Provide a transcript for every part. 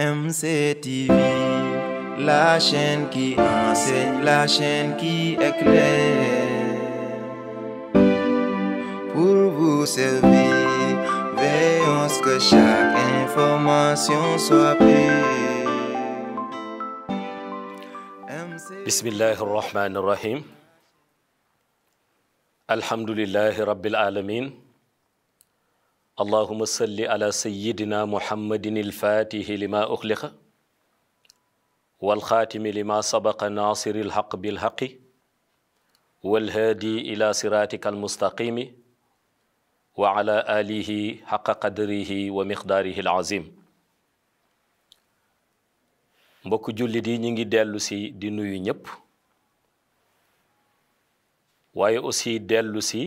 MCTV, la chaîne qui enseigne, la chaîne qui éclaire. Pour vous servir, veillons que chaque information soit pure. Bismillah ar-Rahman ar-Rahim. Alhamdulillah Alamin. allahuma salli ala sayidina muhammadin alfaatihi lima uxliqa walxaatimi lima sabaqa naasiri alxaq bilxaqi walhaadi ila siraatika almustaqimi wa ala alihi xaqa qadrihi wa miqdaarihi alazim mbokk jullit yi ñu ngi dellu si di nuyu ñépp waaye aussi dellu si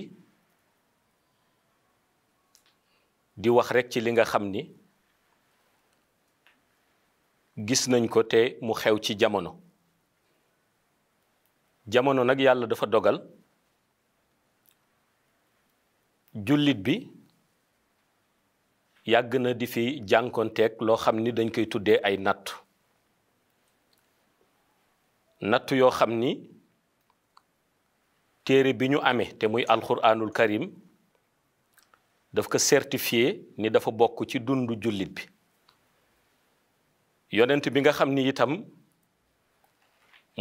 di wax rekk ci li nga xam ni gis nañ ko te mu xew ci jamono jamono nag yàlla dafa dogal jullit bi yàgg na di fi jànkonteeg loo xam ni dañ koy tuddee ay natt natt yoo xam ni téere bi ñu amee te muy alxuraanul karim daf ko certifié ni dafa bokk ci dundu jullit bi yonent bi nga xam ni itam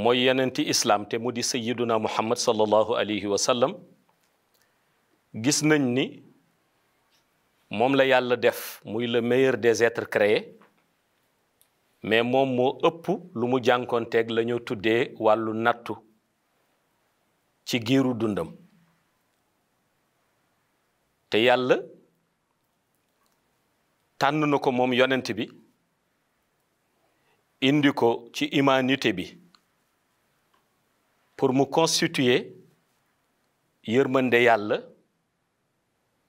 mooy yonenti islam te mu di sayyiduna muhammad sallallahu alayhi wa sallam gis nañ ni moom la yàlla def muy le meilleur des êtres créés mais moom moo ëpp lu mu jànkoonteeg la ñu tuddee wàllu nattu ci giiru dundam te yàlla tànn na ko moom yonent bi indi ko ci humanité bi pour mu constituer yërmande yàlla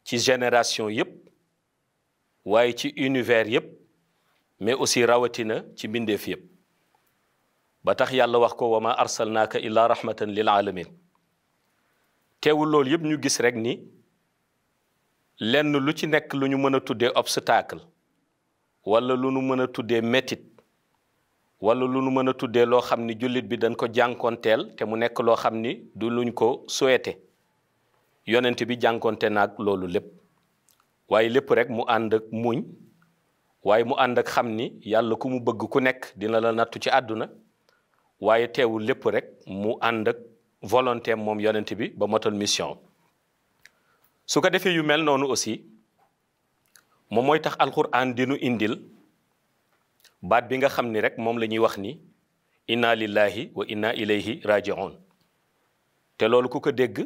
ci génération yëpp waaye ci univers yëpp mais aussi rawatina ci mbindeef yëpp ba tax yàlla wax ko wa ma arsalnaaka illaa rahmatan lil alamin teewul loolu yépp ñu gis rek ni lenn lu ci nekk lu ñu mën a tuddee obstacle wala lu nu mën a tuddee métit wala lu nu mën a tuddee loo xam ni jullit bi dañ ko jànkoonteel te mu nekk loo xam ni du luñ ko souhaité yonent bi jànkoonte naag loolu lépp waaye lépp rek mu ànd ak muñ waaye mu ànd ak xam ni yàlla ku mu bëgg ku nekk dina la nattu ci àdduna waaye teewu lépp rek mu ànd ak volonté moom yonent bi ba motol mission su ko defee yu mel noonu aussi moom mooy tax alquran dinu indil baat bi nga xam ni rek moom la ñuy wax ni inna lillahi wa inna ilayhi raji'un te loolu ku ko dégg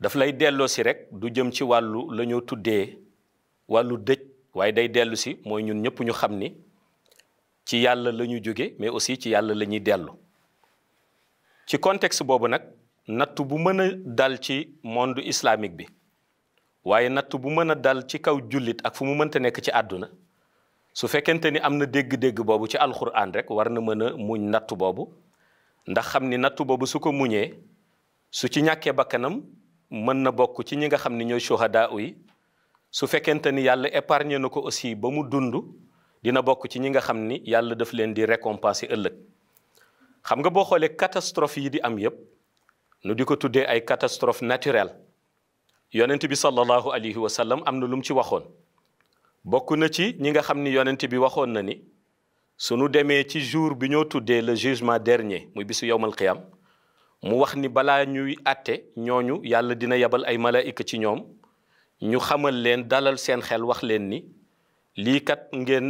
daf lay delloo si rek du jëm ci wàllu lañu tuddee wàllu dëj waaye day dellusi mooy ñun ñëpp ñu xam ni ci yàlla la ñu jóge mais aussi ci yàlla la ñuy dellu ci contexte boobu nag nattu bu mën a dal ci monde islamique bi waaye natt bu mën a dal ci kaw jullit ak fu mu mënta nekk ci àdduna su fekkente ni am na dégg-dégg boobu ci alxuraan rek war na mën a muñ nattu boobu ndax xam ni nattu boobu su ko muñee su ci ñàkkee bakkanam mën na bokk ci ñi nga xam ni ñooy shuhadaa uy su fekkente ni yàlla épargné na ko aussi ba mu dund dina bokk ci ñi nga xam ni yàlla daf leen di récompenser ëllëg xam nga boo xoolee catastrophe yi di am yépp nu di ko tuddee ay catastrophe naturelle yonent bi sallallahu alayhi wa sallam am na lu mu ci waxoon bokk na ci ñi nga xam ni yonent bi waxoon na ni su nu demee ci jour bi ñoo tuddee le jugement dernier muy bisu yowmal qiyam mu wax ni balaa ñuy atte ñooñu yàlla dina yebal ay malaayika ci ñoom ñu xamal leen dalal seen xel wax leen ni lii kat ngeen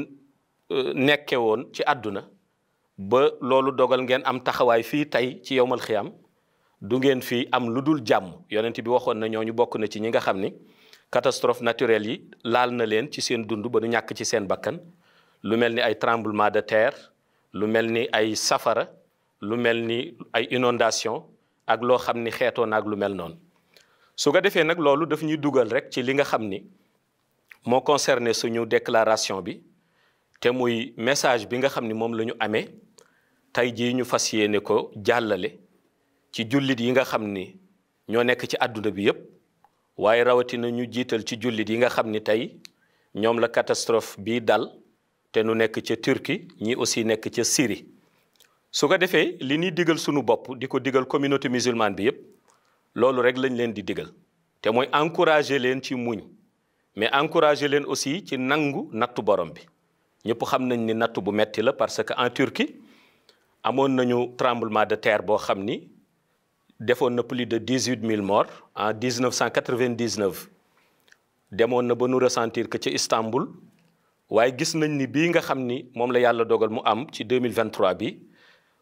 euh, nekke woon ci àdduna ba loolu dogal ngeen am taxawaay fii tey ci yowmal xiyam du ngeen fi am lu dul jàmm yonent bi waxoon na ñu bokk na ci ñi nga xam ni catastrophe naturelle yi laal na leen ci seen dund ba du ñàkk ci seen bakkan lu mel ni ay tremblement de terre lu mel ni ay safara lu mel ni ay inondation ak loo xam ni xeetoon ak lu mel noonu su ko defee nag loolu daf ñuy dugal rek ci li nga xam ni moo concerné suñu déclaration bi te muy message bi nga xam ni moom la ñu amee tey jii ñu fas yéene ko jàllale ci jullit yi nga xam ni ñoo nekk ci àdduna bi yépp waaye rawatina ñu jiital ci jullit yi nga xam ni tey ñoom la catastrophe bii dal te nu nekk ca turki ñi aussi nekk ca Syrie su ko defee li ñuy digal sunu bopp di ko digal communauté musulmane bi yépp loolu rek lañ leen di digal te mooy encourager leen ci muñ mais encourager leen aussi ci nangu nattu borom bi ñëpp xam nañ ni nattu bu metti la parce que en turki amoon nañu tremblement de terre boo xam ni defoon na plus de dix huit mille en dix neuf cent quatre vingt demoon na ba nu ressentir que ci Istanbul waaye gis nañ ni bii nga xam ni moom la yàlla dogal mu am ci deux mille vingt bi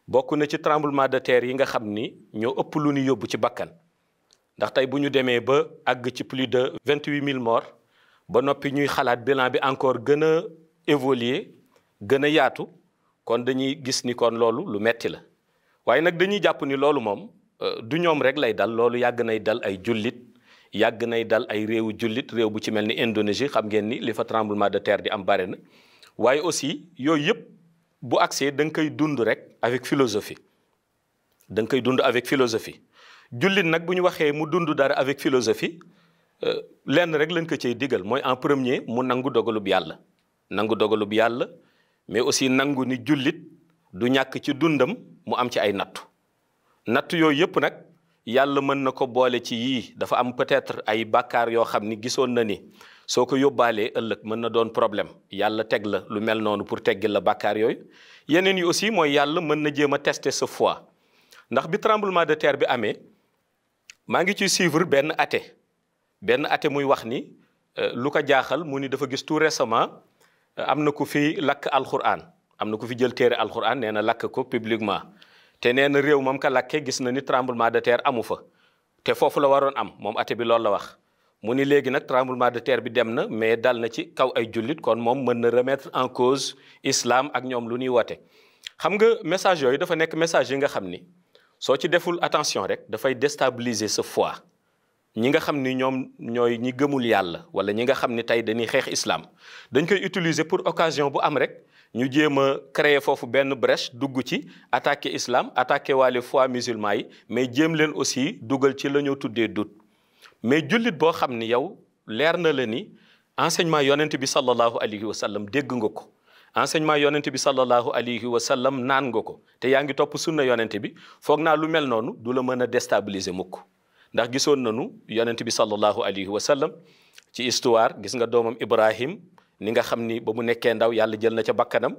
bokk na ci tremblement de terre yi nga xam ni ñoo ëpp lu ñu yóbbu ci bakkan ndax tey bu ñu demee ba àgg ci plus de vingt huit mille ba noppi ñuy xalaat bilan bi encore gën a évoluer gën a yaatu kon dañuy gis ni kon loolu lu metti la waaye nag dañuy jàpp ni loolu moom. Euh, du ñoom rek lay dal loolu yàgg nay dal ay jullit yàgg nay dal ay réewu jullit réew bu ci mel ni Indonésie xam ngeen ni li fa tremblement de terre di am bare na waaye aussi yooyu yëpp bu agsee da nga koy dund rek avec philosophie da nga koy dund avec philosophie jullit nag bu ñu waxee mu dund dara avec philosophie euh, lenn rek lañ ko cay digal mooy en premier mu nangu dogalub yàlla nangu dogalub yàlla mais aussi nangu ni jullit du ñàkk ci dundam mu am ci ay nattu natt yooyu yëpp nag yàlla mën na ko boole ci yii dafa am peut-être ay bàkkaar yoo xam ni gisoon na ni soo ko yóbbaalee ëllëg mën na doon problème yàlla teg la lu mel noonu pour teggil la bakkaar yooyu yeneen yi aussi mooy yàlla mën na jéem a tester sa foi ndax bi tremblement de terre bi amee maa ngi ci suivre benn ate benn ate muy wax ni euh, lu ko jaaxal mu ni dafa gis tu récemment euh, am na ku fi lakk alxuraan am na ku fi jël téere alxuraan nee na lakk ko publiquement te nee réew moom ka lakke gis na ni tremblement de terre amu fa te foofu la waroon am moom ate bi loolu la wax mu ni léegi nag tremblement de terre bi dem na mais dal na ci kaw ay jullit kon moom mën na remettre en cause islam ak ñoom lu ñuy woote xam nga message yooyu dafa nekk message yi nga xam ni soo ci deful attention rek dafay destabiliser sa fois ñi nga xam ni ñoom ñooy ñi gëmul yàlla wala ñi nga xam ni tey dañuy xeex islam dañ koy utiliser pour occasion bu am rek ñu jéem a créer foofu benn brèche dugg ci attaque islam attaquer waale foi musulman yi mais jéem leen aussi dugal ci la ñoo tuddee doute mais jullit boo xam ni yow leer na la ni enseignement yonent bi sallallahu alayhi wa sallam dégg nga ko enseignement yonent bi sallallahu alayhi wa sallam naan nga ko te yaa ngi topp sunna yonent bi foog naa lu mel noonu du la mën a déstabiliser mukk ndax gisoon nañu yonent bi sallallahu alayhi wa sallam ci histoire gis nga doomam Ibrahim ni nga xam ni ba mu nekkee ndaw yàlla jël na ca bakkanam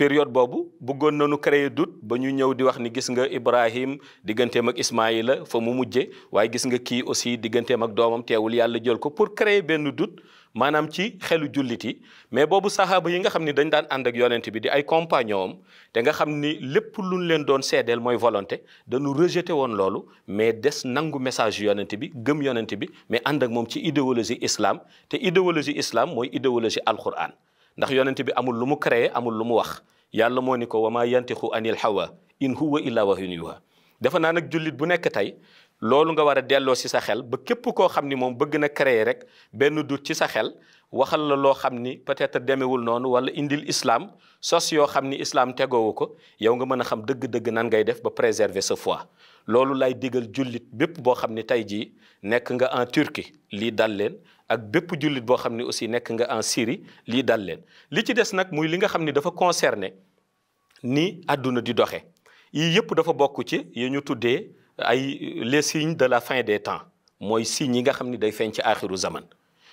période boobu bëggoon nañu créer doute ba ñu ñëw di wax ni gis nga Ibrahim digganteem ak Ismaïla fa mu mujje waaye gis nga kii aussi digganteem ak doomam teewul yàlla jël ko pour créer benn doute maanaam ci xelu jullit yi mais boobu saxaaba yi nga xam ni dañ daan ànd ak yonent bi di ay compagnon am te nga xam ni lépp luñ leen doon seedeel mooy volonté dañu rejeté woon loolu mais des nangu message yonent bi gëm yonent bi mais ànd ak moom ci idéologie islam te idéologie islam mooy idéologie alquran ndax yonent bi amul lu mu créé amul lu mu wax yàlla moo ni ko wa ma yantixu anil hawa in huwa illa wahyun yuha defe naa nag jullit bu nekk tey loolu nga war a delloo si sa xel ba képp koo xam ni moom bëgg na créer rek benn doute ci sa xel waxal la loo xam ni peut-être demewul noonu wala indil islam sos yoo xam ni islam tegoowu ko yow nga mën a xam dëgg-dëgg nan ngay def ba préserver sa fois loolu lay diggal jullit bépp boo xam ni tey jii nekk nga en turki lii dal leen ak bépp jullit boo xam ni aussi nekk nga en Syrie lii dal leen li ci des nag muy li nga xam ni dafa concerné ni àdduna di doxe yii yëpp dafa bokk ci yi ñu tuddee ay les signes de la fin des temps mooy signes yi nga xam ni day feeñ ci aaxiru zaman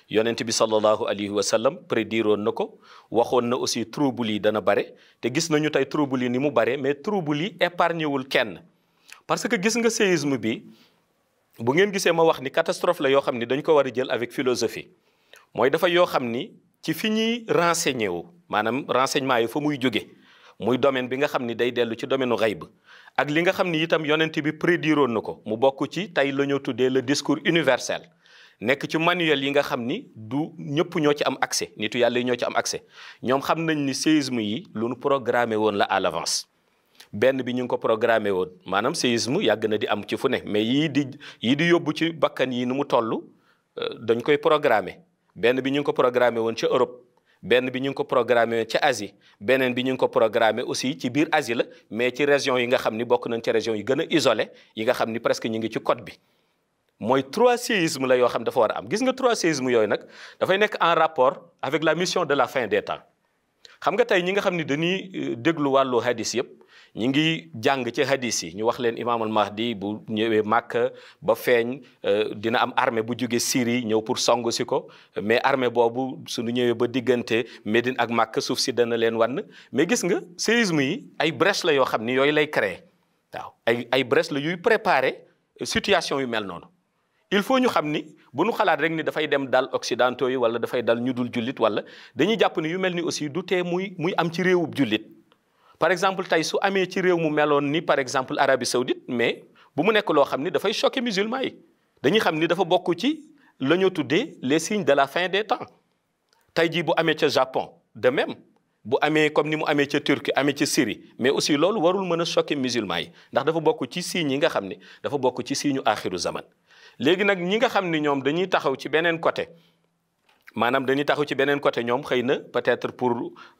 yonent bi sallallahu alayhi wa sallam prédiroon na ko waxoon na aussi trouble yi dana bare te gis nañu tey trouble yi ni mu bare mais trouble yi épargné wul kenn parce que gis nga séisme bi bu ngeen gisee ma wax ni catastrophe la yoo xam ni dañ ko war a jël avec philosophie mooy dafa yoo xam ni ci fi ñuy renseigné wu maanaam renseignement yi fa muy jóge muy domaine bi nga xam ni day dellu ci domaine u xayb ak li nga xam ni itam yonent bi prédiroon na ko mu bokk ci tey la ñoo tuddee le discours universel nekk ci manuel yi nga xam ni du ñëpp ñoo ci am accès nitu yàlla yi ñoo ci am accès ñoom xam nañ ni séisme yi lu nu programmé woon la à l'avance benn bi ñu ngi ko programmé woon maanaam séisme yàgg na di am ci fu ne mais yii di yii di yóbbu ci bakkan yi nu mu toll euh, dañ koy programme benn bi ñu ngi ko programmé woon ci Europe benn bi ñu ngi ko programme ci asi beneen bi ñu ngi ko programme aussi ci biir asi la mais ci région yi nga xam ni bokk nañ ci région yi gën a isolé yi nga xam ni presque ñu ngi ci côte bi mooy trois séismes la yoo xam dafa war a am gis nga trois séismes yooyu nag dafay nekk en rapport avec la mission de la fin de temps xam nga tey ñi nga xam ni dañuy euh, déglu wàllu hadis yëpp ñi ngi jàng ci hadis yi ñu wax leen imaamul mahdi bu ñëwee Màkka ba feeñ euh, dina am armée bu jóge Syrie ñëw pour song si ko mais armée boobu suñu ñëwee ba diggante Médine ak Màkka suuf si dana leen wann mais gis nga séisme yi ay brèche la yoo xam ni yooyu lay créer waaw ay ay brèche la yuy préparer situation yu mel noonu il faut ñu xam ni bu ñu xalaat rek ni dafay dem dal occidentaux yi wala dafay dal ñu dul jullit wala dañuy jàpp ni yu mel ni aussi du tee muy muy am ci réewub jullit par exemple tey su amee ci réew mu meloon ni par exemple Arabie Saoudite mais bu mu nekk loo xam ni dafay choquer musulman dañuy xam ni dafa bokk ci la ñu tuddee les signes de la fin des temps tey jii bu amee ca Japon de même bu amee comme ni mu amee ca Turquie amee ca Syrie mais aussi loolu warul mën a choquer musulman yi ndax dafa bokk ci signes yi nga xam ne dafa bokk ci signes axiru zaman léegi nag ñi nga xam ni ñoom dañuy taxaw ci beneen côté maanaam dañuy taxaw ci beneen côté ñoom xëy na peut-être pour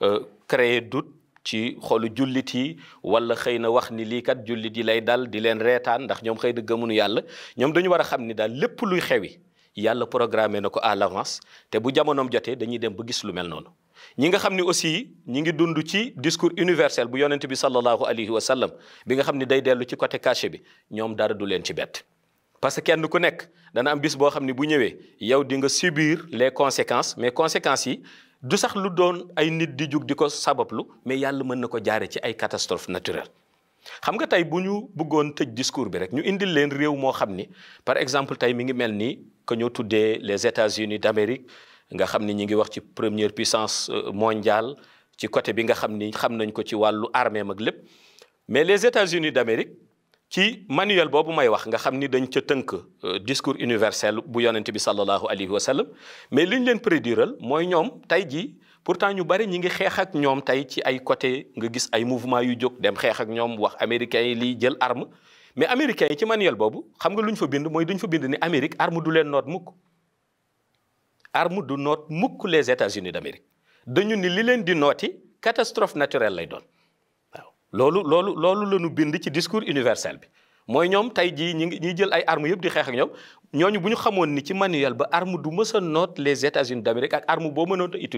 euh, créer doute ci xolu jullit yi wala xëy na wax ni lii kat jullit yi lay dal di leen reetaan ndax ñoom xëy na gëmunu yàlla ñoom dañu war a xam ni daal lépp luy xewi yàlla programme na ko à l'avance te bu jamonoom jotee dañuy dem ba gis lu mel noonu ñi nga xam ni aussi ñi ngi dund ci discours universel bu yonent bi sallallahu alayhi wa sallam bi nga xam ni day dellu ci côté caché bi ñoom dara du leen ci bett parce que kenn ku nekk dana am bis boo xam ni bu ñëwee yow di nga subir les conséquences mais conséquences yi du sax lu doon ay nit di jug di ko sabablu mais yàlla mën na ko jaare ci ay catastrophe naturelle xam nga tey bu ñu bëggoon tëj discours bi rek ñu indil leen réew moo xam ni par exemple tey mi ngi mel ni que ñoo tuddee les États-Unis d'Amérique nga xam ni ñi ngi wax ci première puissance euh, mondiale ci côté bi nga xam ni xam nañ ko ci wàllu armée mag lépp mais les États-Unis d'Amérique ci manuel boobu may wax nga xam ni dañ ca tënk euh, discours universel bu yonent bi sallallahu alayhi wa sallam mais li ñu leen prédiral mooy ñoom tey jii pourtant ñu bari ñi ngi xeex ak ñoom tey ci ay côté nga gis ay mouvement yu jóg dem xeex ak ñoom wax américains yi liy jël arme mais américains yi ci manuel boobu xam nga lu ñu fa bind mooy duñ fa bind ni Amérique arme du leen noot mukk arme du noot mukk les États-Unis d'Amérique dañu ni li leen di nooti catastrophe naturel lay doon loolu loolu loolu la ñu bind ci discours universel bi mooy ñoom tey jii ñi ngi ñiy jël ay armes yëpp di xeex ak ñoom ñooñu bu ñu xamoon ni ci manuel ba arme du mës a noot les États-Unis d'Amérique ak arme boo mënoon a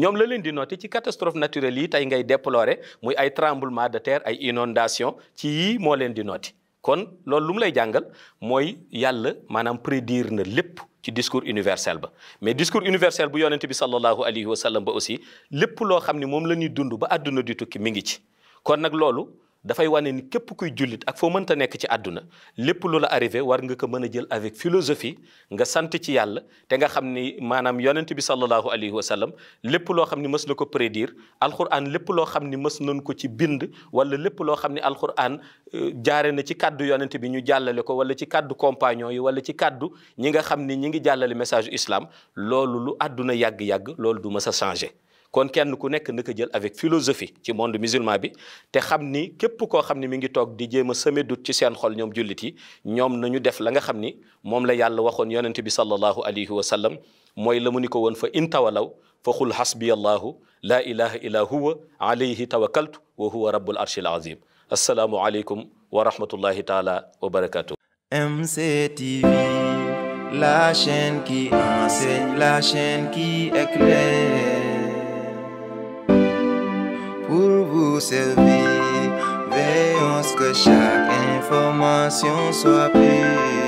ñoom la leen di nooti ci catastrophe naturelle yi tey ngay déplorer muy ay tremblement de terre ay inondation ci yii moo leen di nooti kon loolu lu lay jàngal mooy yàlla maanaam prédire na lépp ci discours universel ba mais discours universel bu yonent bi sallallahu alayhi wa sallam ba aussi lépp loo xam ni moom la ñuy dund ba adduna di tukki mi ngi ci kon nag loolu dafay wane ni képp kuy jullit ak foo mënta nekk ci adduna lépp lu la arrivé war nga ko mën a jël avec philosophie nga sant ci yàlla te nga xam ni maanaam yonent bi sallallahu alayhi wa sallam lépp loo xam ni mës na ko prédire alquran lépp loo xam ni mës ko ci bind wala lépp loo xam ni alquran euh, jaare na ci kàddu yonent bi ñu jàllale ko wala ci kàddu compagnon yi wala ci kàddu ñi nga xam ni ñi ngi jàllale message islam loolu lu àdduna yàgg-yàgg loolu du mës a changé kon kenn ku nekk na ko jël avec philosophie ci monde musulman bi te xam ni képp koo xam ni mi ngi toog di jéem a semer doute ci seen xol ñoom jullit yi ñoom nañu def la nga xam ni moom la yàlla waxoon yonente bi sallallahu alayhi wa sallam mooy la mu ni ko woon fa intawalaw fa xul hasbiya allahu laa ilaha illa huwa alayhi tawakkaltu wa huwa rabbul arshil azim assalaamu aleykum wa rahmatullahi taala wa barakatuh MCTV La chaîne qui enseigne, la chaîne qui éclaire. tout servi. Veillons que chaque information soit